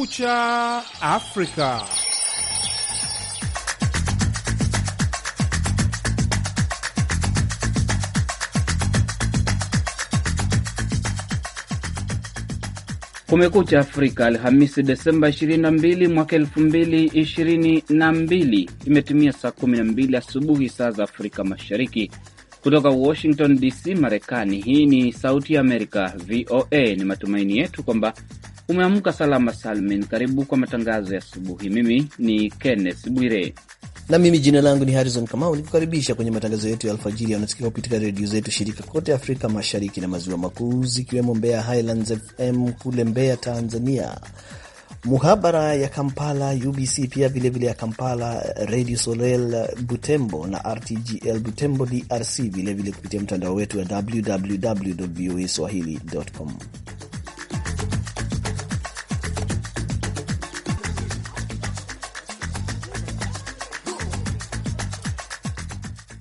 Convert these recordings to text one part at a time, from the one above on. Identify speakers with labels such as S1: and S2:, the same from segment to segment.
S1: Kumekucha Afrika.
S2: Kumekucha Afrika, Alhamisi Desemba 22 mwaka 2022, imetumia saa 12 asubuhi saa za Afrika Mashariki. Kutoka Washington DC, Marekani. Hii ni Sauti ya Amerika, VOA. Ni matumaini yetu kwamba Umeamka salama salmin. Karibu kwa matangazo ya asubuhi. Mimi ni Kenneth Bwire
S3: na mimi jina langu ni Harrison Kamau, nikukaribisha kwenye matangazo yetu ya alfajiri yanayosikika kupitia redio zetu shirika kote Afrika Mashariki na Maziwa Makuu, zikiwemo Mbeya Highlands FM kule Mbeya Tanzania, Muhabara ya Kampala UBC, pia vilevile ya Kampala, Radio Soleil Butembo na RTGL Butembo DRC, vilevile kupitia mtandao wetu wa www voa swahili.com.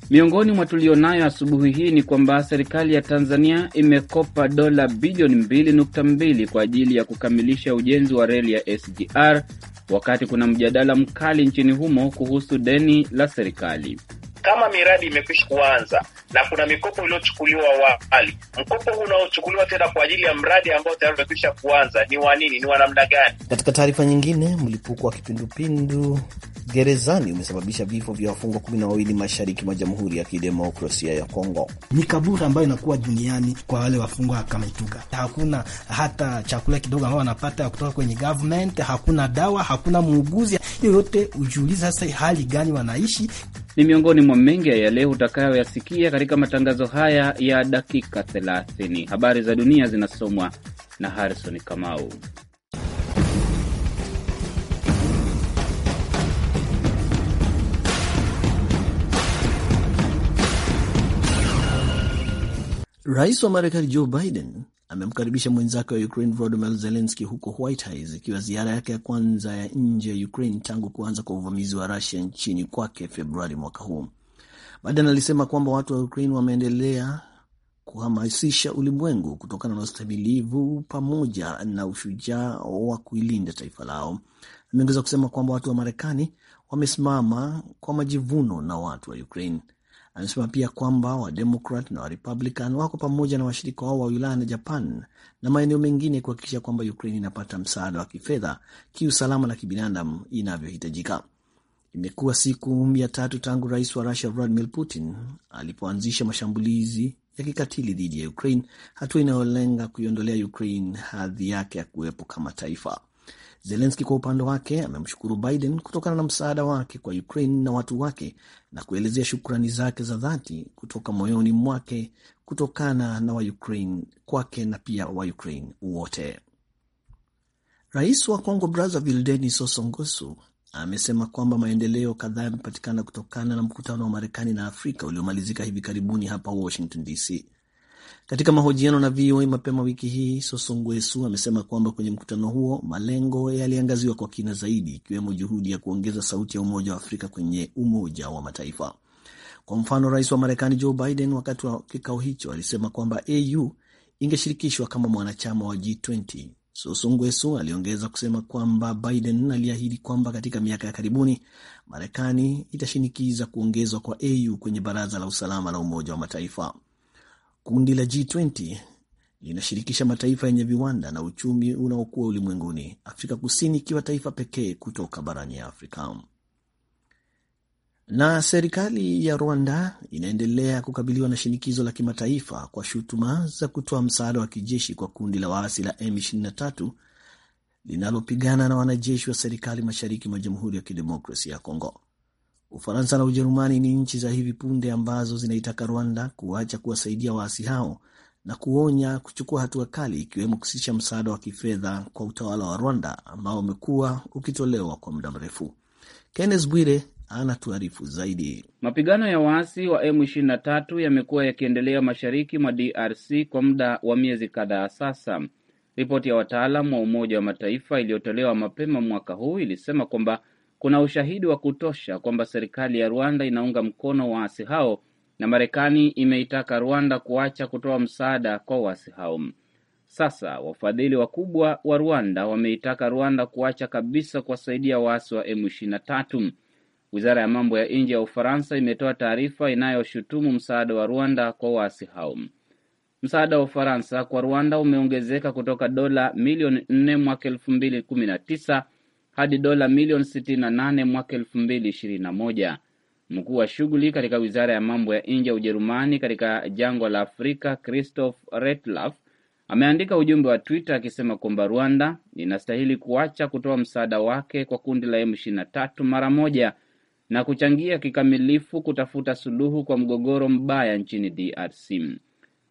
S2: Miongoni mwa tulionayo asubuhi hii ni kwamba serikali ya Tanzania imekopa dola bilioni 2.2 kwa ajili ya kukamilisha ujenzi wa reli ya SGR, wakati kuna mjadala mkali nchini humo kuhusu deni la serikali.
S1: Kama miradi imekwisha kuanza na kuna mikopo iliyochukuliwa awali, mkopo huu unaochukuliwa
S3: tena kwa ajili ya mradi ambao tayari umekwisha kuanza ni wa nini? Ni wa namna gani? Katika taarifa nyingine, mlipuko wa kipindupindu gerezani umesababisha vifo vya wafungwa kumi na wawili mashariki mwa Jamhuri ya Kidemokrasia ya Kongo. Ni kaburi ambayo inakuwa duniani kwa wale wafungwa kama Hakuna hata chakula kidogo ambao wanapata kutoka kwenye government, hakuna dawa, hakuna muuguzi yoyote. Ujiulize sasa hali gani wanaishi.
S2: Ni miongoni mwa mengi ya leo utakayoyasikia katika matangazo haya ya dakika 30. Habari za dunia zinasomwa na Harrison Kamau.
S3: Rais wa Marekani Joe Biden amemkaribisha mwenzake wa Ukraine Volodymyr Zelensky huko White House, ikiwa ziara yake ya kwanza ya nje ya Ukraine tangu kuanza kwa uvamizi wa rasia nchini kwake Februari mwaka huu. Biden alisema kwamba watu wa Ukraine wameendelea kuhamasisha ulimwengu kutokana na ustabilivu pamoja na ushujaa wa kuilinda taifa lao. Ameongeza kusema kwamba watu wa Marekani wamesimama kwa majivuno na watu wa Ukraine. Amesema pia kwamba Wademokrat na Warepublican wako pamoja na washirika wao wa Ulaya na Japan na maeneo mengine kuhakikisha kwamba Ukraine inapata msaada wa kifedha, kiusalama na kibinadamu inavyohitajika. Imekuwa siku mia tatu tangu rais wa Rusia Vladimir Putin alipoanzisha mashambulizi ya kikatili dhidi ya Ukraine, hatua inayolenga kuiondolea Ukraine hadhi yake ya kuwepo kama taifa. Zelenski kwa upande wake amemshukuru Biden kutokana na msaada wake kwa Ukraine na watu wake na kuelezea shukrani zake za dhati kutoka moyoni mwake kutokana na waukrain kwake na pia Waukraine wote. Rais wa congo Brazzaville Denis Sassou Nguesso amesema kwamba maendeleo kadhaa yamepatikana kutokana na mkutano wa Marekani na Afrika uliomalizika hivi karibuni hapa Washington DC. Katika mahojiano na VOA mapema wiki hii, Soso amesema kwamba kwenye mkutano huo malengo yaliangaziwa kwa kina zaidi, ikiwemo juhudi ya kuongeza sauti ya Umoja wa Afrika kwenye Umoja wa Mataifa. Kwa mfano, rais wa Marekani Joe Biden wakati wa kikao hicho alisema kwamba AU ingeshirikishwa kama mwanachama wa G20. Soso aliongeza kusema kwamba Biden aliahidi kwamba katika miaka ya karibuni Marekani itashinikiza kuongezwa kwa AU kwenye Baraza la Usalama la Umoja wa Mataifa. Kundi la G20 linashirikisha mataifa yenye viwanda na uchumi unaokuwa ulimwenguni, Afrika Kusini ikiwa taifa pekee kutoka barani ya Afrika. Na serikali ya Rwanda inaendelea kukabiliwa na shinikizo la kimataifa kwa shutuma za kutoa msaada wa kijeshi kwa kundi la waasi la M23 linalopigana na wanajeshi wa serikali mashariki mwa Jamhuri ya Kidemokrasia ya Kongo. Ufaransa na Ujerumani ni nchi za hivi punde ambazo zinaitaka Rwanda kuacha kuwasaidia waasi hao na kuonya kuchukua hatua kali, ikiwemo kusitisha msaada wa kifedha kwa utawala wa Rwanda ambao umekuwa ukitolewa kwa muda mrefu. Kenneth Bwire anatuarifu zaidi.
S2: Mapigano ya waasi wa M23 yamekuwa yakiendelea mashariki mwa DRC kwa muda wa miezi kadhaa sasa. Ripoti ya wataalam wa Umoja wa Mataifa iliyotolewa mapema mwaka huu ilisema kwamba kuna ushahidi wa kutosha kwamba serikali ya Rwanda inaunga mkono waasi hao na Marekani imeitaka Rwanda kuacha kutoa msaada kwa waasi hao. Sasa wafadhili wakubwa wa Rwanda wameitaka Rwanda kuacha kabisa kuwasaidia waasi wa M23. Wizara ya mambo ya nje ya Ufaransa imetoa taarifa inayoshutumu msaada wa Rwanda kwa waasi hao. Msaada wa Ufaransa kwa Rwanda umeongezeka kutoka dola milioni 4 mwaka 2019 hadi dola milioni 68 mwaka 2021. Mkuu wa shughuli katika wizara ya mambo ya nje ya Ujerumani katika jangwa la Afrika, Christoph Retlaff, ameandika ujumbe wa Twitter akisema kwamba Rwanda inastahili kuacha kutoa msaada wake kwa kundi la M23 mara moja na kuchangia kikamilifu kutafuta suluhu kwa mgogoro mbaya nchini DRC.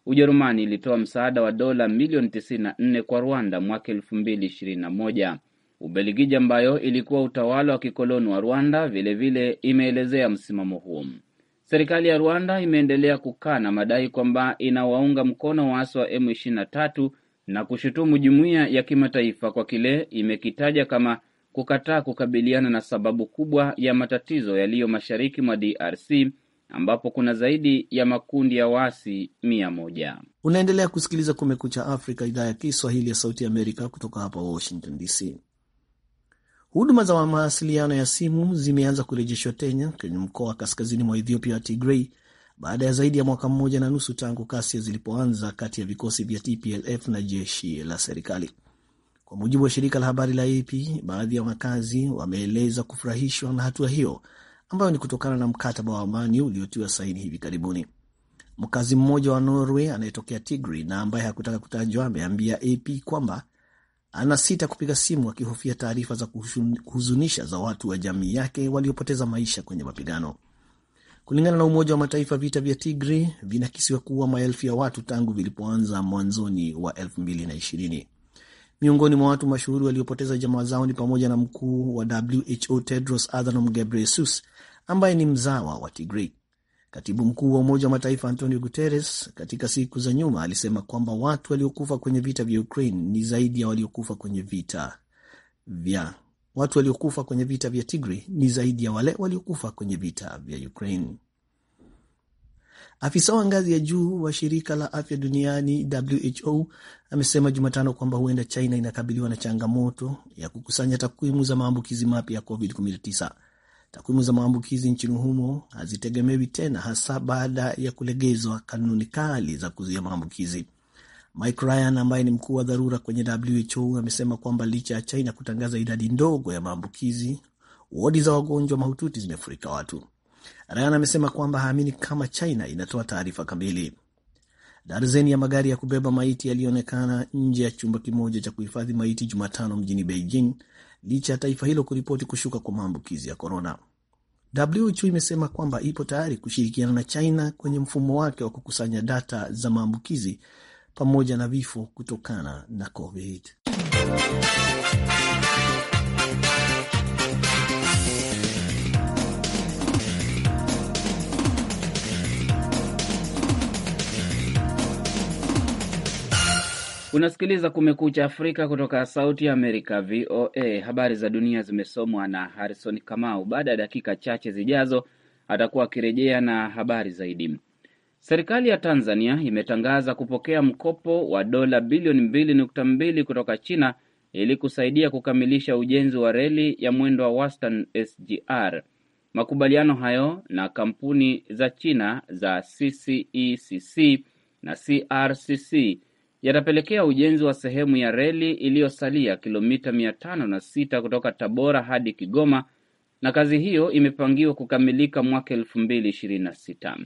S2: Ujerumani ilitoa msaada wa dola milioni 94 kwa Rwanda mwaka 2021. Ubelgiji ambayo ilikuwa utawala wa kikoloni wa Rwanda vilevile imeelezea msimamo huo. Serikali ya Rwanda imeendelea kukana madai kwamba inawaunga mkono waasi wa M23 na kushutumu jumuiya ya kimataifa kwa kile imekitaja kama kukataa kukabiliana na sababu kubwa ya matatizo yaliyo mashariki mwa DRC ambapo kuna zaidi ya makundi ya waasi mia moja.
S3: Unaendelea kusikiliza Kumekucha Afrika, idhaa ya Kiswahili ya Sauti ya Amerika kutoka hapa Washington DC. Huduma za mawasiliano ya simu zimeanza kurejeshwa tena kwenye mkoa wa kaskazini mwa Ethiopia wa Tigray baada ya zaidi ya mwaka mmoja na nusu tangu kasi zilipoanza kati ya vikosi vya TPLF na jeshi la serikali. Kwa mujibu wa shirika la habari la AP, baadhi ya wakazi wameeleza kufurahishwa na hatua hiyo ambayo ni kutokana na mkataba wa amani uliotiwa saini hivi karibuni. Mkazi mmoja wa Norway anayetokea Tigray na ambaye hakutaka kutajwa ameambia AP kwamba anasita kupiga simu akihofia taarifa za kuhuzunisha za watu wa jamii yake waliopoteza maisha kwenye mapigano. Kulingana na Umoja wa Mataifa, vita vya Tigri vinakisiwa kuwa maelfu ya watu tangu vilipoanza mwanzoni wa 2020. Miongoni mwa watu mashuhuri waliopoteza jamaa zao ni pamoja na mkuu wa WHO Tedros Adhanom Ghebreyesus ambaye ni mzawa wa tigrei Katibu mkuu wa Umoja wa Mataifa Antonio Guterres katika siku za nyuma alisema kwamba watu waliokufa kwenye vita vya Ukraine ni zaidi ya waliokufa kwenye vita vya watu waliokufa kwenye vita vya Tigray ni zaidi ya wale waliokufa kwenye vita vya Ukraine. Afisa wa ngazi ya juu wa shirika la afya duniani WHO amesema Jumatano kwamba huenda China inakabiliwa na changamoto ya kukusanya takwimu za maambukizi mapya ya COVID-19 Takwimu za maambukizi nchini humo hazitegemewi tena, hasa baada ya kulegezwa kanuni kali za kuzuia maambukizi. Mike Ryan ambaye ni mkuu wa dharura kwenye WHO amesema kwamba licha ya China kutangaza idadi ndogo ya maambukizi, wodi za wagonjwa mahututi zimefurika watu. Ryan amesema kwamba haamini kama China inatoa taarifa kamili. Darzeni ya magari ya kubeba maiti yaliyoonekana nje ya chumba kimoja cha kuhifadhi maiti Jumatano mjini Beijing licha ya taifa hilo kuripoti kushuka kwa maambukizi ya korona. WHO imesema kwamba ipo tayari kushirikiana na China kwenye mfumo wake wa kukusanya data za maambukizi pamoja na vifo kutokana na COVID.
S2: Unasikiliza Kumekucha Afrika kutoka Sauti ya Amerika, VOA. Habari za dunia zimesomwa na Harrison Kamau. Baada ya dakika chache zijazo, atakuwa akirejea na habari zaidi. Serikali ya Tanzania imetangaza kupokea mkopo wa dola bilioni mbili nukta mbili kutoka China ili kusaidia kukamilisha ujenzi wa reli ya mwendo wa wastan SGR. Makubaliano hayo na kampuni za China za CCECC e na CRCC yatapelekea ujenzi wa sehemu ya reli iliyosalia kilomita mia tano na sita kutoka Tabora hadi Kigoma, na kazi hiyo imepangiwa kukamilika mwaka elfu mbili ishirini na sita.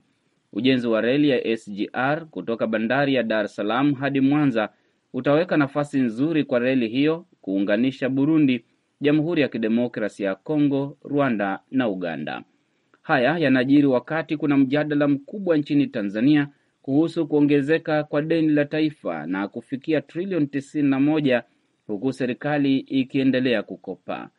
S2: Ujenzi wa reli ya SGR kutoka bandari ya Dar es Salaam hadi Mwanza utaweka nafasi nzuri kwa reli hiyo kuunganisha Burundi, Jamhuri ya Kidemokrasia ya Kongo, Rwanda na Uganda. Haya yanajiri wakati kuna mjadala mkubwa nchini Tanzania kuhusu kuongezeka kwa deni la taifa na kufikia trilioni tisini na moja huku serikali ikiendelea kukopa.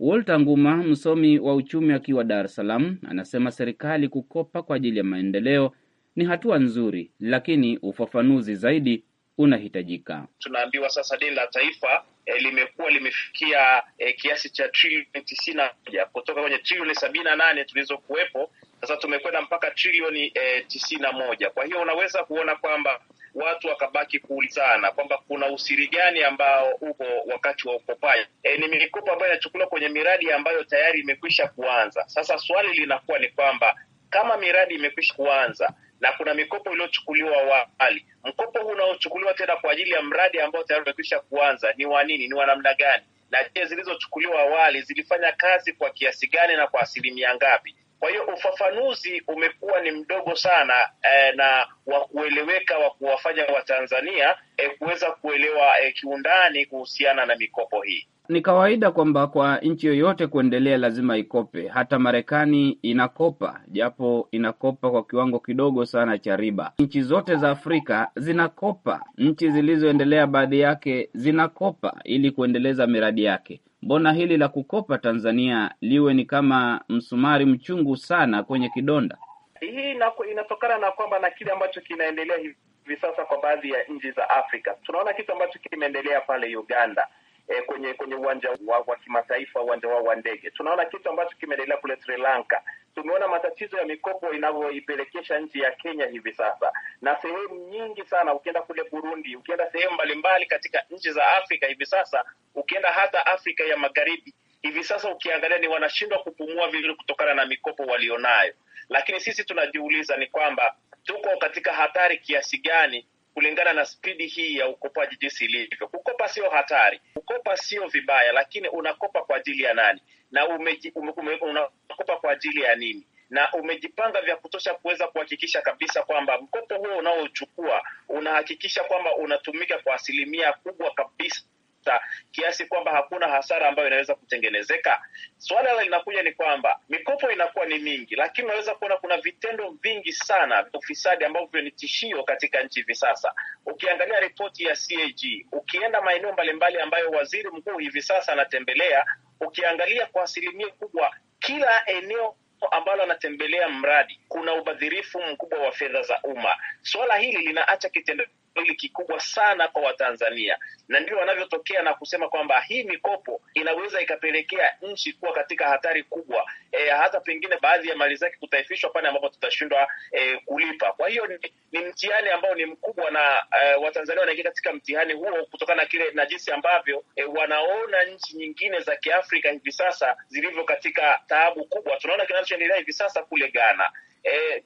S2: Walter Nguma, msomi wa uchumi akiwa Dar es Salaam, anasema serikali kukopa kwa ajili ya maendeleo ni hatua nzuri, lakini ufafanuzi zaidi unahitajika.
S1: Tunaambiwa sasa deni la taifa eh, limekuwa limefikia eh, kiasi cha trilioni tisini na moja kutoka kwenye trilioni sabini na nane tulizokuwepo sasa tumekwenda mpaka trilioni eh, tisini na moja. Kwa hiyo unaweza kuona kwamba watu wakabaki kuulizana kwamba kuna usiri gani ambao uko wakati wa ukopaji. E, ni mikopo ambayo inachukuliwa kwenye miradi ambayo tayari imekwisha kuanza. Sasa swali linakuwa ni kwamba kama miradi imekwisha kuanza na kuna mikopo iliyochukuliwa awali, mkopo huu unaochukuliwa tena kwa ajili ya mradi ambao tayari umekwisha kuanza ni wa nini? Ni wa namna gani? Na je, zilizochukuliwa awali zilifanya kazi kwa kiasi gani na kwa asilimia ngapi? Kwa hiyo ufafanuzi umekuwa ni mdogo sana eh, na wa kueleweka wa kuwafanya Watanzania eh, kuweza kuelewa eh, kiundani kuhusiana na mikopo
S2: hii. Ni kawaida kwamba kwa nchi yoyote kuendelea lazima ikope. Hata Marekani inakopa, japo inakopa kwa kiwango kidogo sana cha riba. Nchi zote za Afrika zinakopa, nchi zilizoendelea baadhi yake zinakopa ili kuendeleza miradi yake. Mbona hili la kukopa Tanzania liwe ni kama msumari mchungu sana kwenye kidonda?
S1: Hii inatokana na kwamba na kile ambacho kinaendelea hivi sasa kwa baadhi ya nchi za Afrika. Tunaona kitu ambacho kimeendelea pale Uganda eh, kwenye kwenye uwanja wa, wa kimataifa, uwanja wao wa ndege. Tunaona kitu ambacho kimeendelea kule Sri Lanka. Tumeona matatizo ya mikopo inavyoipelekesha nchi ya Kenya hivi sasa, na sehemu nyingi sana, ukienda kule Burundi, ukienda sehemu mbalimbali katika nchi za Afrika hivi sasa, ukienda hata Afrika ya Magharibi hivi sasa, ukiangalia ni wanashindwa kupumua vizuri kutokana na mikopo walionayo. Lakini sisi tunajiuliza ni kwamba tuko katika hatari kiasi gani kulingana na spidi hii ya ukopaji jinsi ilivyo. Kukopa sio hatari, kukopa sio vibaya, lakini unakopa kwa ajili ya nani na umeji, ume, ume, unakopa kwa ajili ya nini na umejipanga vya kutosha kuweza kuhakikisha kabisa kwamba mkopo huo unaochukua unahakikisha kwamba unatumika kwa asilimia kubwa kabisa mafuta kiasi kwamba hakuna hasara ambayo inaweza kutengenezeka. Swala linakuja ni kwamba mikopo inakuwa ni mingi, lakini unaweza kuona kuna vitendo vingi sana vya ufisadi ambavyo ni tishio katika nchi hivi sasa. Ukiangalia ripoti ya CAG, ukienda maeneo mbalimbali ambayo waziri mkuu hivi sasa anatembelea, ukiangalia kwa asilimia kubwa kila eneo ambalo anatembelea mradi kuna ubadhirifu mkubwa wa fedha za umma. swala hili linaacha kitendo kweli kikubwa sana kwa Watanzania, na ndio wanavyotokea na kusema kwamba hii mikopo inaweza ikapelekea nchi kuwa katika hatari kubwa, e, hata pengine baadhi ya mali zake kutaifishwa pale ambapo tutashindwa e, kulipa. Kwa hiyo ni, ni mtihani ambao ni mkubwa na e, Watanzania wanaingia katika mtihani huo kutokana na kile na jinsi ambavyo e, wanaona nchi nyingine za Kiafrika hivi sasa zilivyo katika taabu kubwa. Tunaona kinachoendelea hivi sasa kule Ghana e,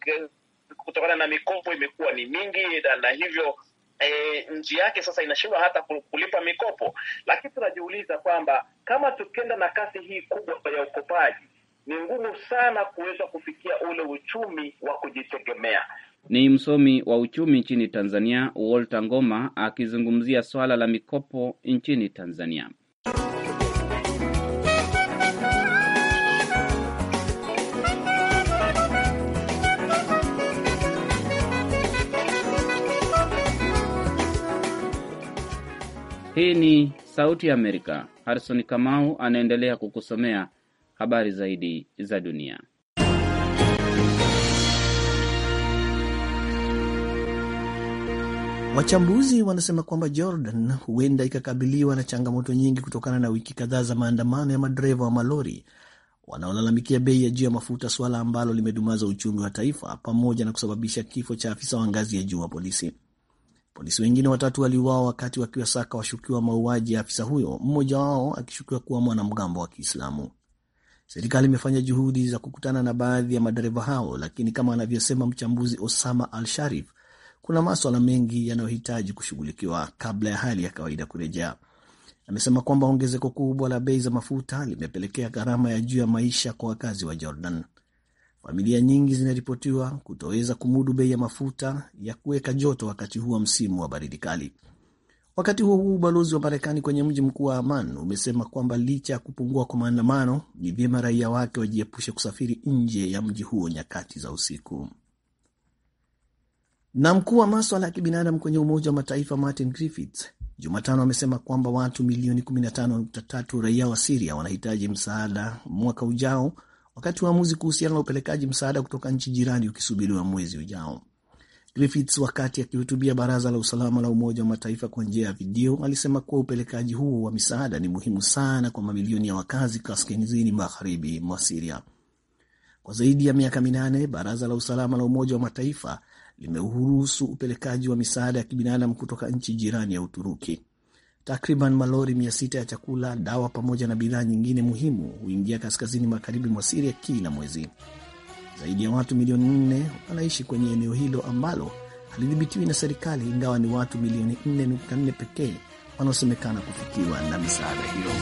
S1: kutokana na mikopo imekuwa ni mingi na, na hivyo e, nchi yake sasa inashindwa hata kulipa mikopo. Lakini tunajiuliza kwamba kama tukienda na kasi hii kubwa ya ukopaji, ni ngumu sana kuweza kufikia ule uchumi wa kujitegemea.
S2: Ni msomi wa uchumi nchini Tanzania Walter Ngoma akizungumzia swala la mikopo nchini Tanzania. Hii ni Sauti ya Amerika. Harison Kamau anaendelea kukusomea habari zaidi za dunia.
S3: Wachambuzi wanasema kwamba Jordan huenda ikakabiliwa na changamoto nyingi kutokana na wiki kadhaa za maandamano ya madereva wa malori wanaolalamikia bei ya juu ya mafuta, suala ambalo limedumaza uchumi wa taifa pamoja na kusababisha kifo cha afisa wa ngazi ya juu wa polisi. Polisi wengine watatu waliuawa wakati wakiwasaka washukiwa mauaji ya afisa huyo, mmoja wao akishukiwa kuwa mwanamgambo wa Kiislamu. Serikali imefanya juhudi za kukutana na baadhi ya madereva hao, lakini kama anavyosema mchambuzi Osama Al Sharif, kuna maswala mengi yanayohitaji kushughulikiwa kabla ya hali ya kawaida kurejea. Amesema kwamba ongezeko kubwa la bei za mafuta limepelekea gharama ya juu ya maisha kwa wakazi wa Jordan. Familia nyingi zinaripotiwa kutoweza kumudu bei ya mafuta ya kuweka joto wakati huu wa msimu wa baridi kali. Wakati huo huo, ubalozi wa Marekani kwenye mji mkuu wa aman umesema kwamba licha ya kupungua kwa maandamano, ni vyema raia wake wajiepushe kusafiri nje ya mji huo nyakati za usiku. Na mkuu wa maswala ya kibinadamu kwenye Umoja wa Mataifa Martin Griffiths Jumatano amesema kwamba watu milioni 15.3 raia wa Siria wanahitaji msaada mwaka ujao wakati uamuzi kuhusiana na upelekaji msaada kutoka nchi jirani ukisubiriwa mwezi ujao. Griffiths wakati akihutubia Baraza la Usalama la Umoja wa Mataifa kwa njia ya video alisema kuwa upelekaji huo wa misaada ni muhimu sana kwa mamilioni ya wakazi kaskazini magharibi mwa Siria. Kwa zaidi ya miaka minane, Baraza la Usalama la Umoja wa Mataifa limeuruhusu upelekaji wa misaada ya kibinadamu kutoka nchi jirani ya Uturuki. Takriban malori mia sita ya chakula, dawa pamoja na bidhaa nyingine muhimu huingia kaskazini magharibi mwa Siria kila mwezi. Zaidi ya watu milioni nne wanaishi kwenye eneo hilo ambalo halidhibitiwi na serikali, ingawa ni watu milioni 4.4 pekee wanaosemekana kufikiwa na misaada hiyo.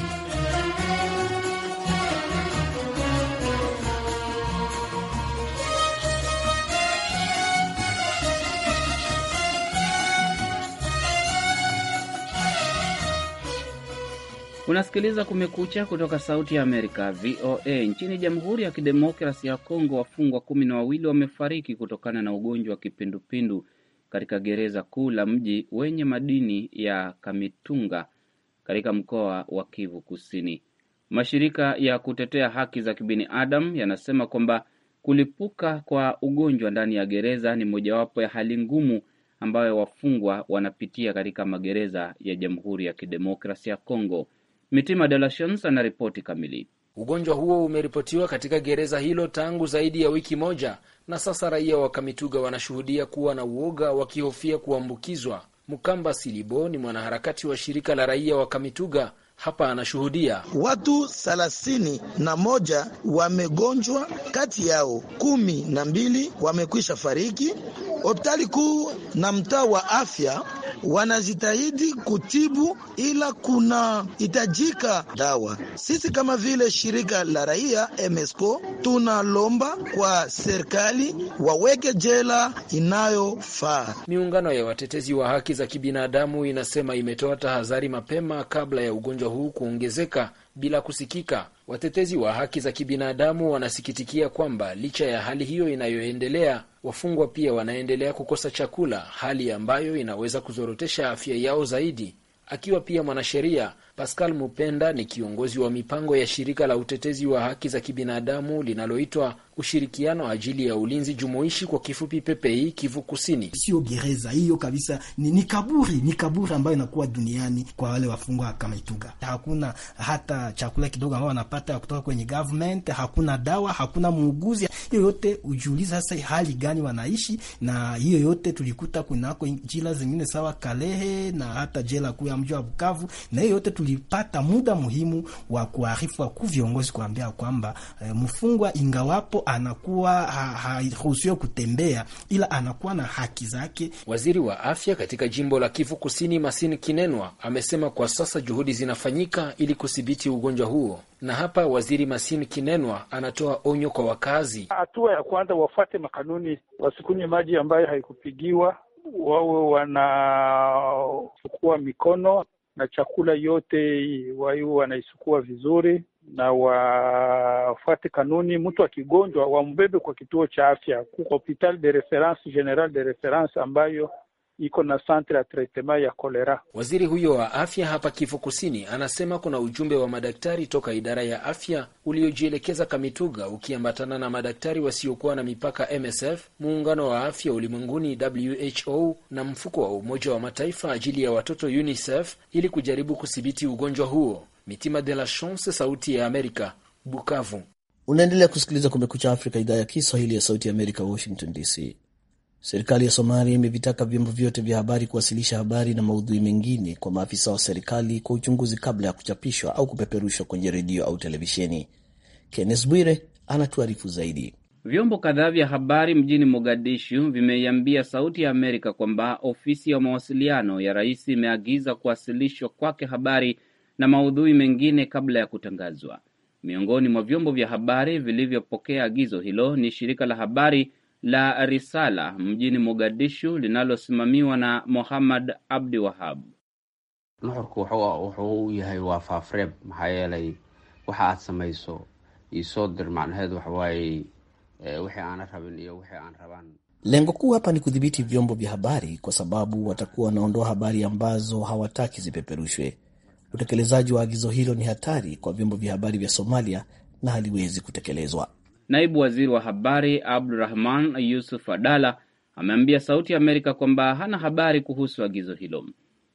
S2: Unasikiliza Kumekucha kutoka Sauti ya Amerika, VOA. Nchini Jamhuri ya Kidemokrasi ya Kongo, wafungwa kumi na wawili wamefariki kutokana na ugonjwa wa kipindupindu katika gereza kuu la mji wenye madini ya Kamitunga katika mkoa wa Kivu Kusini. Mashirika ya kutetea haki za kibinadamu yanasema kwamba kulipuka kwa ugonjwa ndani ya gereza ni mojawapo ya hali ngumu ambayo wafungwa wanapitia katika magereza ya Jamhuri ya Kidemokrasi ya Kongo. Mitima de la Chance anaripoti kamili.
S4: Ugonjwa huo umeripotiwa katika gereza hilo tangu zaidi ya wiki moja, na sasa raia wa Kamituga wanashuhudia kuwa na uoga, wakihofia kuambukizwa. mukamba Silibo ni mwanaharakati wa shirika la raia wa Kamituga hapa anashuhudia
S3: watu thelathini na moja wamegonjwa, kati yao kumi na mbili wamekwisha fariki. Hospitali kuu na mtaa wa afya wanajitahidi kutibu, ila kuna hitajika dawa. Sisi kama vile shirika la raia MSCO tunalomba kwa serikali waweke jela inayofaa.
S4: Miungano ya watetezi wa haki za kibinadamu inasema imetoa tahadhari mapema kabla ya ugonjwa ugonjwa huu kuongezeka bila kusikika. Watetezi wa haki za kibinadamu wanasikitikia kwamba licha ya hali hiyo inayoendelea, wafungwa pia wanaendelea kukosa chakula, hali ambayo inaweza kuzorotesha afya yao zaidi. Akiwa pia mwanasheria Pascal Mupenda ni kiongozi wa mipango ya shirika la utetezi wa haki za kibinadamu linaloitwa Ushirikiano ajili ya Ulinzi Jumuishi, kwa kifupi PPI, Kivu
S3: Kusini. Sio gereza hiyo kabisa, ni, ni kaburi, ni kaburi ambayo inakuwa duniani kwa wale wafungwa kama Ituga. Hakuna hata chakula kidogo ambayo wanapata kutoka kwenye government, hakuna dawa, hakuna muuguzi. Hiyo yote ujiuliza sasa hali gani wanaishi, na hiyo yote tulikuta kunako jila zingine sawa Kalehe na hata jela kuu ya mji wa Bukavu, na hiyo yote tuli tulipata muda muhimu wa kuarifu wakuu viongozi kuambia kwamba eh, mfungwa ingawapo anakuwa haruhusiwe ha, kutembea ila anakuwa na haki zake.
S4: Waziri wa afya katika jimbo la Kivu Kusini Masini Kinenwa amesema kwa sasa juhudi zinafanyika ili kudhibiti ugonjwa huo na hapa waziri Masini Kinenwa anatoa onyo kwa wakazi.
S1: Hatua ya kwanza, wafuate makanuni, wasikunywe maji ambayo haikupigiwa, wawe wanachukua mikono na chakula yote wao wanaisukua vizuri na wafuate kanuni. Mtu akigonjwa wambebe kwa kituo cha afya, kuko hospital de reference general de reference ambayo iko na centre ya tretema ya kolera.
S4: Waziri huyo wa afya hapa Kivu Kusini anasema kuna ujumbe wa madaktari toka idara ya afya uliojielekeza Kamituga ukiambatana na madaktari wasiokuwa na mipaka MSF, muungano wa afya ulimwenguni WHO na mfuko wa Umoja wa Mataifa ajili ya watoto UNICEF ili kujaribu kudhibiti ugonjwa huo. Mitima de la Chance, Sauti ya Amerika, Bukavu.
S3: Unaendelea kusikiliza Kumekucha Afrika, idhaa ya Kiswahili ya Sauti ya Amerika, Washington DC. Serikali ya Somalia imevitaka vyombo vyote vya habari kuwasilisha habari na maudhui mengine kwa maafisa wa serikali kwa uchunguzi kabla ya kuchapishwa au kupeperushwa kwenye redio au televisheni. Kennes Bwire anatuarifu zaidi.
S2: Vyombo kadhaa vya habari mjini Mogadishu vimeiambia Sauti ya Amerika kwamba ofisi ya mawasiliano ya rais imeagiza kuwasilishwa kwake habari na maudhui mengine kabla ya kutangazwa. Miongoni mwa vyombo vya habari vilivyopokea agizo hilo ni shirika la habari la Risala mjini Mogadishu linalosimamiwa na Mohammad Abdi Wahab. nuxurku wuxuu u yahay waa faafreeb maxaa yeelay waxa aad samayso soo dir macnaheedu waxawaaye ee, wixii aana rabin iyo wixii aan rabaan.
S3: Lengo kuu hapa ni kudhibiti vyombo vya habari, kwa sababu watakuwa wanaondoa habari ambazo hawataki zipeperushwe. Utekelezaji wa agizo hilo ni hatari kwa vyombo vya habari vya Somalia na haliwezi kutekelezwa.
S2: Naibu waziri wa habari Abdurahman Yusuf Adala ameambia Sauti ya Amerika kwamba hana habari kuhusu agizo hilo,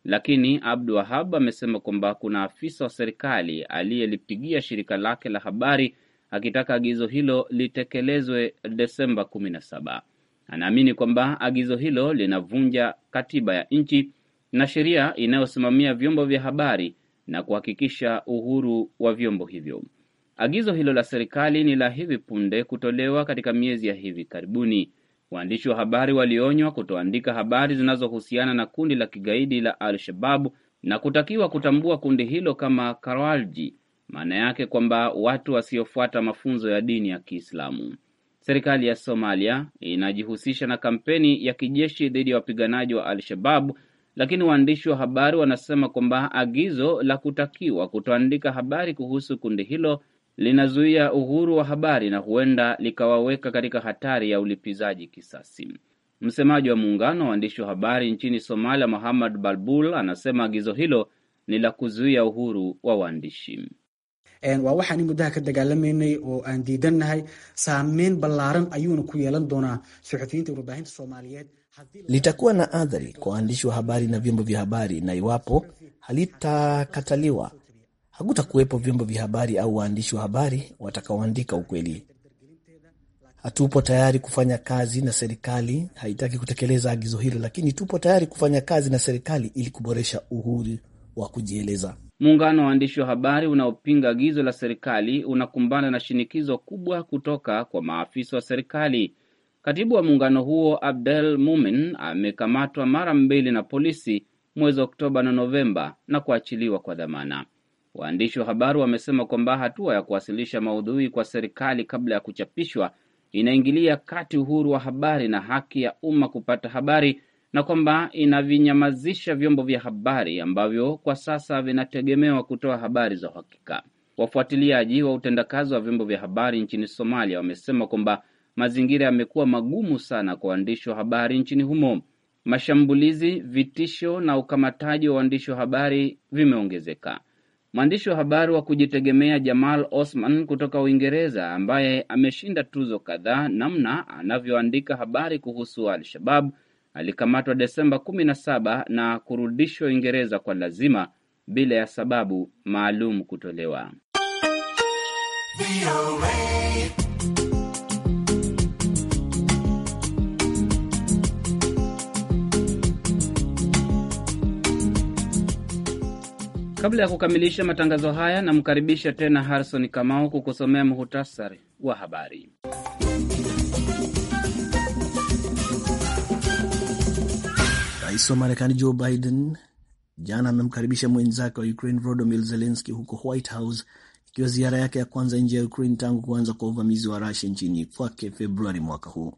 S2: lakini Abdu Wahab amesema kwamba kuna afisa wa serikali aliyelipigia shirika lake la habari akitaka agizo hilo litekelezwe Desemba 17. Anaamini kwamba agizo hilo linavunja katiba ya nchi na sheria inayosimamia vyombo vya habari na kuhakikisha uhuru wa vyombo hivyo. Agizo hilo la serikali ni la hivi punde kutolewa katika miezi ya hivi karibuni. Waandishi wa habari walionywa kutoandika habari zinazohusiana na kundi la kigaidi la Al-Shababu na kutakiwa kutambua kundi hilo kama karwalji maana yake kwamba watu wasiofuata mafunzo ya dini ya Kiislamu. Serikali ya Somalia inajihusisha na kampeni ya kijeshi dhidi ya wapiganaji wa Al-Shababu, lakini waandishi wa habari wanasema kwamba agizo la kutakiwa kutoandika habari kuhusu kundi hilo linazuia uhuru wa habari na huenda likawaweka katika hatari ya ulipizaji kisasi. Msemaji wa muungano wa waandishi wa habari nchini Somalia, Muhammad Balbul, anasema agizo hilo ni la kuzuia uhuru wa waandishi.
S4: Waa waxaan muddaha ka dagaalamaynay oo aan diidannahay saameyn ballaaran ayuuna ku yeelan doonaa suxufiyiinta warbaahinta Soomaaliyeed.
S3: Litakuwa na adhari kwa waandishi wa habari na vyombo vya habari, na iwapo halitakataliwa hakutakuwepo vyombo vya habari au waandishi wa habari watakaoandika ukweli. Hatupo tayari kufanya kazi na serikali, haitaki kutekeleza agizo hilo, lakini tupo tayari kufanya kazi na serikali ili kuboresha uhuru wa kujieleza.
S2: Muungano wa waandishi wa habari unaopinga agizo la serikali unakumbana na shinikizo kubwa kutoka kwa maafisa wa serikali. Katibu wa muungano huo Abdel Mumin amekamatwa mara mbili na polisi mwezi Oktoba na Novemba na kuachiliwa kwa dhamana. Waandishi wa habari wamesema kwamba hatua ya kuwasilisha maudhui kwa serikali kabla ya kuchapishwa inaingilia kati uhuru wa habari na haki ya umma kupata habari na kwamba inavinyamazisha vyombo vya habari ambavyo kwa sasa vinategemewa kutoa habari za uhakika. Wafuatiliaji wa utendakazi wa vyombo vya habari nchini Somalia wamesema kwamba mazingira yamekuwa magumu sana kwa waandishi wa habari nchini humo. Mashambulizi, vitisho na ukamataji wa waandishi wa habari vimeongezeka. Mwandishi wa habari wa kujitegemea Jamal Osman kutoka Uingereza ambaye ameshinda tuzo kadhaa namna anavyoandika habari kuhusu Al-Shabab alikamatwa Desemba 17 na kurudishwa Uingereza kwa lazima bila ya sababu maalum kutolewa. Kabla ya kukamilisha matangazo haya, namkaribisha tena Harison Kamau kukusomea muhutasari wa habari.
S3: Rais wa Marekani Joe Biden jana amemkaribisha mwenzake wa Ukraine Volodymyr Zelenski huko White House, ikiwa ziara yake ya kwanza nje ya Ukraine tangu kuanza kwa uvamizi wa rasia nchini kwake Februari mwaka huu.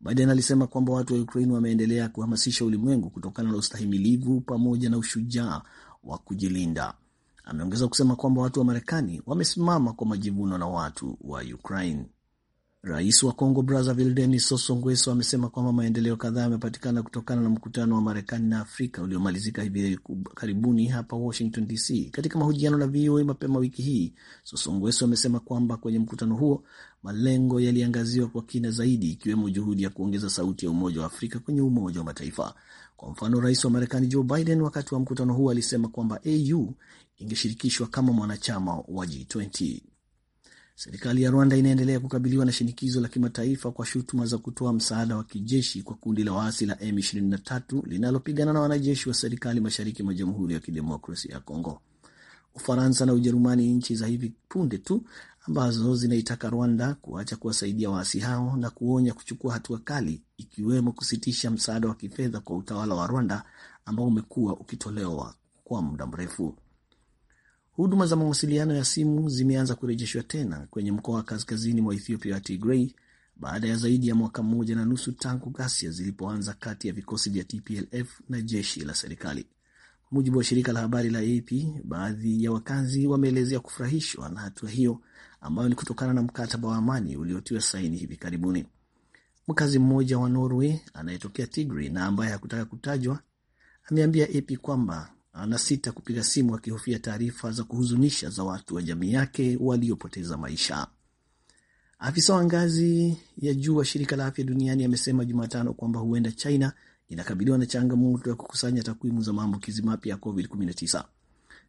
S3: Biden alisema kwamba watu wa Ukraine wameendelea kuhamasisha ulimwengu kutokana na ustahimilivu pamoja na ushujaa wa kujilinda. Ameongeza kusema kwamba watu wa Marekani wamesimama kwa majivuno na watu wa Ukraine. Rais wa congo Brazzaville Denis Sassou Nguesso amesema kwamba maendeleo kadhaa yamepatikana kutokana na mkutano wa Marekani na Afrika uliomalizika hivi karibuni hapa Washington DC. Katika mahojiano na VOA mapema wiki hii, Sassou Nguesso amesema kwamba kwenye mkutano huo malengo yaliangaziwa kwa kina zaidi, ikiwemo juhudi ya kuongeza sauti ya Umoja wa Afrika kwenye Umoja wa Mataifa. Kwa mfano, rais wa Marekani Joe Biden wakati wa mkutano huo alisema kwamba AU ingeshirikishwa kama mwanachama wa G20. Serikali ya Rwanda inaendelea kukabiliwa na shinikizo la kimataifa kwa shutuma za kutoa msaada wa kijeshi kwa kundi la waasi la M23 linalopigana na wanajeshi wa serikali mashariki mwa Jamhuri ya Kidemokrasia ya Kongo. Ufaransa na Ujerumani, nchi za hivi punde tu ambazo zinaitaka Rwanda kuacha kuwasaidia waasi hao na kuonya kuchukua hatua kali, ikiwemo kusitisha msaada wa kifedha kwa utawala wa Rwanda ambao umekuwa ukitolewa kwa muda mrefu. Huduma za mawasiliano ya simu zimeanza kurejeshwa tena kwenye mkoa wa kaskazini mwa Ethiopia wa Tigrei baada ya zaidi ya mwaka mmoja na nusu tangu ghasia zilipoanza kati ya vikosi vya TPLF na jeshi la serikali. Kwa mujibu wa shirika la habari la AP, baadhi ya wakazi wameelezea kufurahishwa na hatua hiyo ambayo ni kutokana na mkataba wa amani uliotiwa saini hivi karibuni. Mkazi mmoja wa Norway anayetokea Tigray na ambaye hakutaka kutajwa ameambia AP kwamba anasita ah, kupiga simu akihofia taarifa za kuhuzunisha za watu wa jamii yake waliopoteza maisha. Afisa wa ngazi ya juu wa shirika la afya duniani amesema Jumatano kwamba huenda China inakabiliwa na changamoto ya kukusanya takwimu za maambukizi mapya ya COVID-19.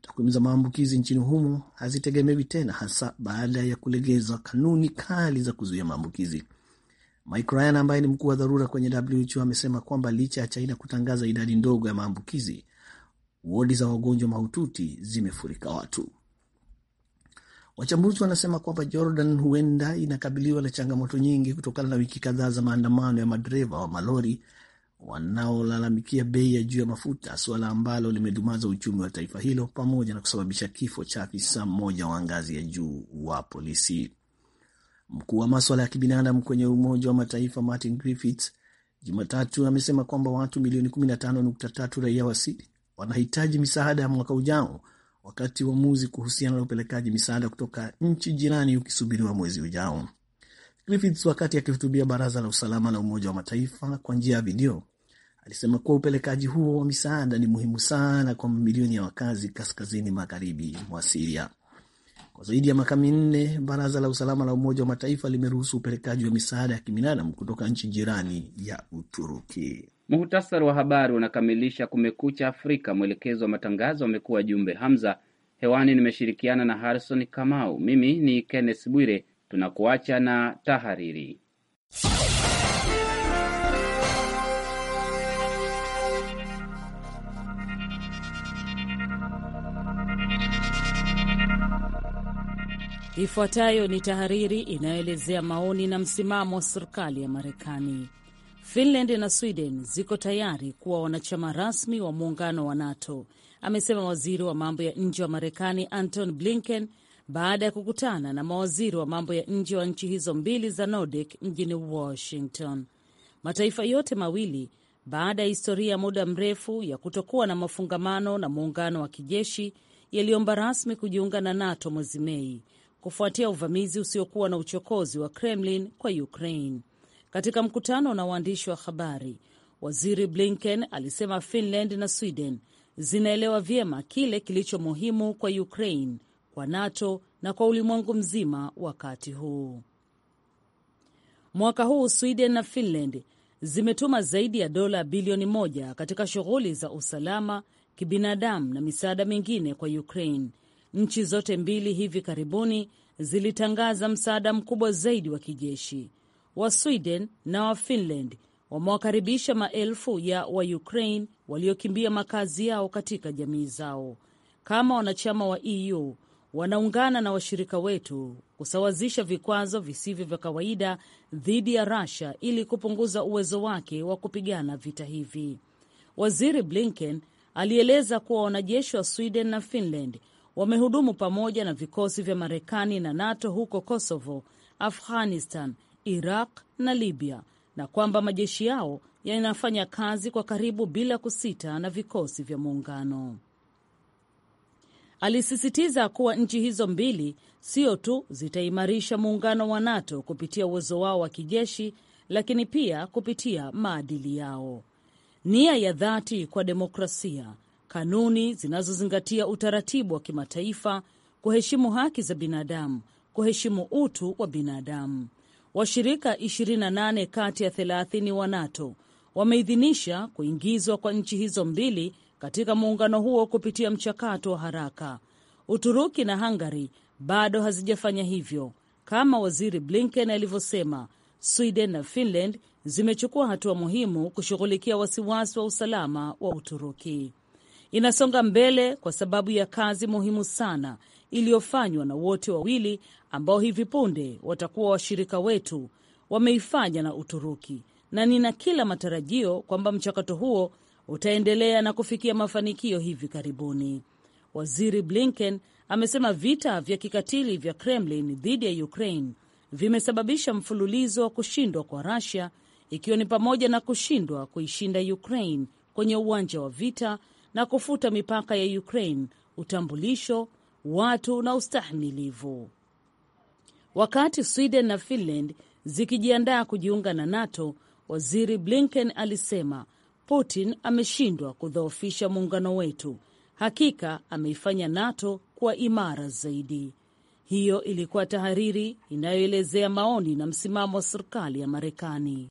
S3: Takwimu za maambukizi nchini humo hazitegemewi tena, hasa baada ya kulegeza kanuni kali za kuzuia maambukizi. Mike Ryan ambaye ni mkuu wa dharura kwenye WHO amesema kwamba licha ya China kutangaza idadi ndogo ya maambukizi, wodi za wagonjwa mahututi zimefurika watu. Wachambuzi wanasema kwamba Jordan huenda inakabiliwa na changamoto nyingi kutokana na wiki kadhaa za maandamano ya madereva wa malori wanaolalamikia bei ya juu ya mafuta, suala ambalo limedumaza uchumi wa taifa hilo pamoja na kusababisha kifo cha afisa mmoja wa ngazi ya juu wa polisi. Mkuu wa maswala ya kibinadamu kwenye Umoja wa Mataifa Martin Griffiths Jumatatu amesema kwamba watu milioni 15.3 raia wa wanahitaji misaada ya mwaka ujao, wakati uamuzi kuhusiana na upelekaji misaada kutoka nchi jirani ukisubiriwa mwezi ujao. Griffiths, wakati akihutubia Baraza la Usalama la Umoja wa Mataifa kwa njia ya video, alisema kuwa upelekaji huo wa misaada ni muhimu sana kwa mamilioni ya wakazi kaskazini magharibi mwa Siria. Kwa zaidi ya miaka minne, Baraza la Usalama la Umoja wa Mataifa limeruhusu upelekaji wa misaada ya kibinadamu kutoka nchi jirani ya Uturuki.
S2: Muhutasari wa habari unakamilisha Kumekucha Afrika. mwelekezo wa matangazo amekuwa Jumbe Hamza. Hewani nimeshirikiana na Harrison Kamau. Mimi ni Kenneth Bwire. Tunakuacha na tahariri.
S5: Ifuatayo ni tahariri inayoelezea maoni na msimamo wa serikali ya Marekani. Finland na Sweden ziko tayari kuwa wanachama rasmi wa muungano wa NATO, amesema waziri wa mambo ya nje wa Marekani Anton Blinken baada ya kukutana na mawaziri wa mambo ya nje wa nchi hizo mbili za Nordic mjini Washington. Mataifa yote mawili baada ya historia ya muda mrefu ya kutokuwa na mafungamano na muungano wa kijeshi yaliomba rasmi kujiunga na NATO mwezi Mei kufuatia uvamizi usiokuwa na uchokozi wa Kremlin kwa Ukraine. Katika mkutano na waandishi wa habari, waziri Blinken alisema Finland na Sweden zinaelewa vyema kile kilicho muhimu kwa Ukraine, kwa NATO na kwa ulimwengu mzima wakati huu. Mwaka huu Sweden na Finland zimetuma zaidi ya dola bilioni moja katika shughuli za usalama, kibinadamu na misaada mingine kwa Ukraine. Nchi zote mbili hivi karibuni zilitangaza msaada mkubwa zaidi wa kijeshi wa Sweden na wa Finland wamewakaribisha maelfu ya Waukraine waliokimbia makazi yao katika jamii zao. Kama wanachama wa EU, wanaungana na washirika wetu kusawazisha vikwazo visivyo vya kawaida dhidi ya Russia ili kupunguza uwezo wake wa kupigana vita hivi. Waziri Blinken alieleza kuwa wanajeshi wa Sweden na Finland wamehudumu pamoja na vikosi vya Marekani na NATO huko Kosovo, Afghanistan Iraq na Libya na kwamba majeshi yao yanafanya kazi kwa karibu bila kusita na vikosi vya muungano. Alisisitiza kuwa nchi hizo mbili sio tu zitaimarisha muungano wa NATO kupitia uwezo wao wa kijeshi, lakini pia kupitia maadili yao, nia ya dhati kwa demokrasia, kanuni zinazozingatia utaratibu wa kimataifa, kuheshimu haki za binadamu, kuheshimu utu wa binadamu Washirika 28 kati ya 30 wa NATO wameidhinisha kuingizwa kwa nchi hizo mbili katika muungano huo kupitia mchakato wa haraka. Uturuki na Hungary bado hazijafanya hivyo. Kama Waziri Blinken alivyosema, Sweden na Finland zimechukua hatua muhimu kushughulikia wasiwasi wa usalama wa Uturuki. Inasonga mbele kwa sababu ya kazi muhimu sana iliyofanywa na wote wawili ambao hivi punde watakuwa washirika wetu, wameifanya na Uturuki, na nina kila matarajio kwamba mchakato huo utaendelea na kufikia mafanikio hivi karibuni. Waziri Blinken amesema vita vya kikatili vya Kremlin dhidi ya Ukraine vimesababisha mfululizo wa kushindwa kwa Russia, ikiwa ni pamoja na kushindwa kuishinda Ukraine kwenye uwanja wa vita na kufuta mipaka ya Ukraine, utambulisho, watu na ustahimilivu. Wakati Sweden na Finland zikijiandaa kujiunga na NATO, Waziri Blinken alisema Putin ameshindwa kudhoofisha muungano wetu, hakika ameifanya NATO kuwa imara zaidi. Hiyo ilikuwa tahariri inayoelezea maoni na msimamo wa serikali ya Marekani.